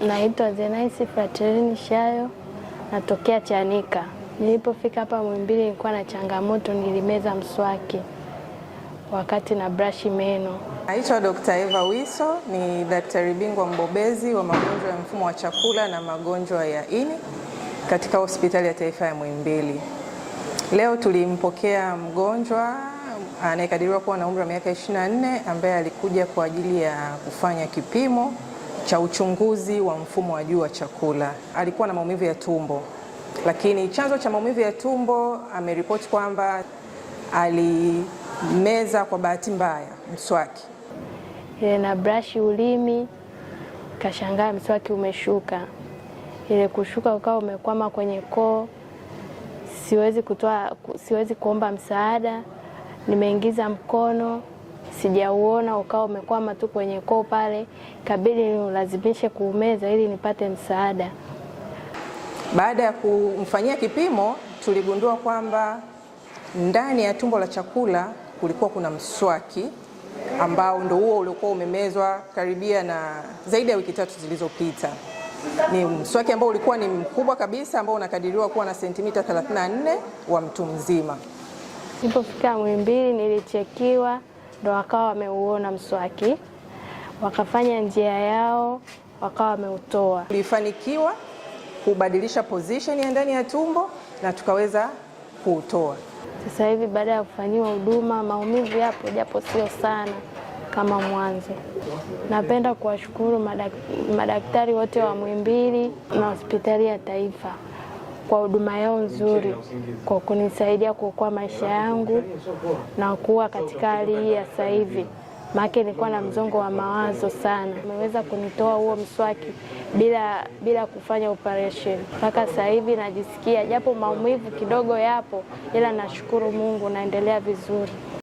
Naitwa Zenaisi Fratelini Shayo, natokea Chanika. Nilipofika hapa Muhimbili nilikuwa na changamoto, nilimeza mswaki wakati na brashi meno. Naitwa Dr. Eva Wiso, ni daktari bingwa mbobezi wa magonjwa ya mfumo wa chakula na magonjwa ya ini katika hospitali ya taifa ya Muhimbili. Leo tulimpokea mgonjwa anayekadiriwa kuwa na umri wa miaka 24 ambaye alikuja kwa ajili ya kufanya kipimo cha uchunguzi wa mfumo wa juu wa chakula. Alikuwa na maumivu ya tumbo, lakini chanzo cha maumivu ya tumbo ameripoti kwamba alimeza kwa bahati mbaya mswaki ile na brashi ulimi, kashangaa mswaki umeshuka, ile kushuka ukawa umekwama kwenye koo. Siwezi kutoa, siwezi kuomba msaada, nimeingiza mkono sijauona ukawa umekwama tu kwenye koo pale, kabidi niulazimishe kuumeza ili nipate msaada. Baada ya kumfanyia kipimo, tuligundua kwamba ndani ya tumbo la chakula kulikuwa kuna mswaki ambao ndo huo uliokuwa umemezwa karibia na zaidi ya wiki tatu zilizopita. Ni mswaki ambao ulikuwa ni mkubwa kabisa ambao unakadiriwa kuwa na sentimita 34 wa mtu mzima. Nilipofika Muhimbili nilichekiwa ndo wakawa wameuona mswaki, wakafanya njia yao, wakawa wameutoa. Tulifanikiwa kubadilisha position ya ndani ya tumbo na tukaweza kuutoa. Sasa hivi baada ya kufanyiwa huduma, maumivu yapo japo sio sana kama mwanzo. Napenda kuwashukuru madaktari wote wa Muhimbili na hospitali ya Taifa kwa huduma yao nzuri kwa kunisaidia kuokoa maisha yangu na kuwa katika hali hii ya sasa hivi, maana nilikuwa na mzongo wa mawazo sana. Ameweza kunitoa huo mswaki bila, bila kufanya operation mpaka sasa hivi najisikia, japo maumivu kidogo yapo, ila nashukuru Mungu naendelea vizuri.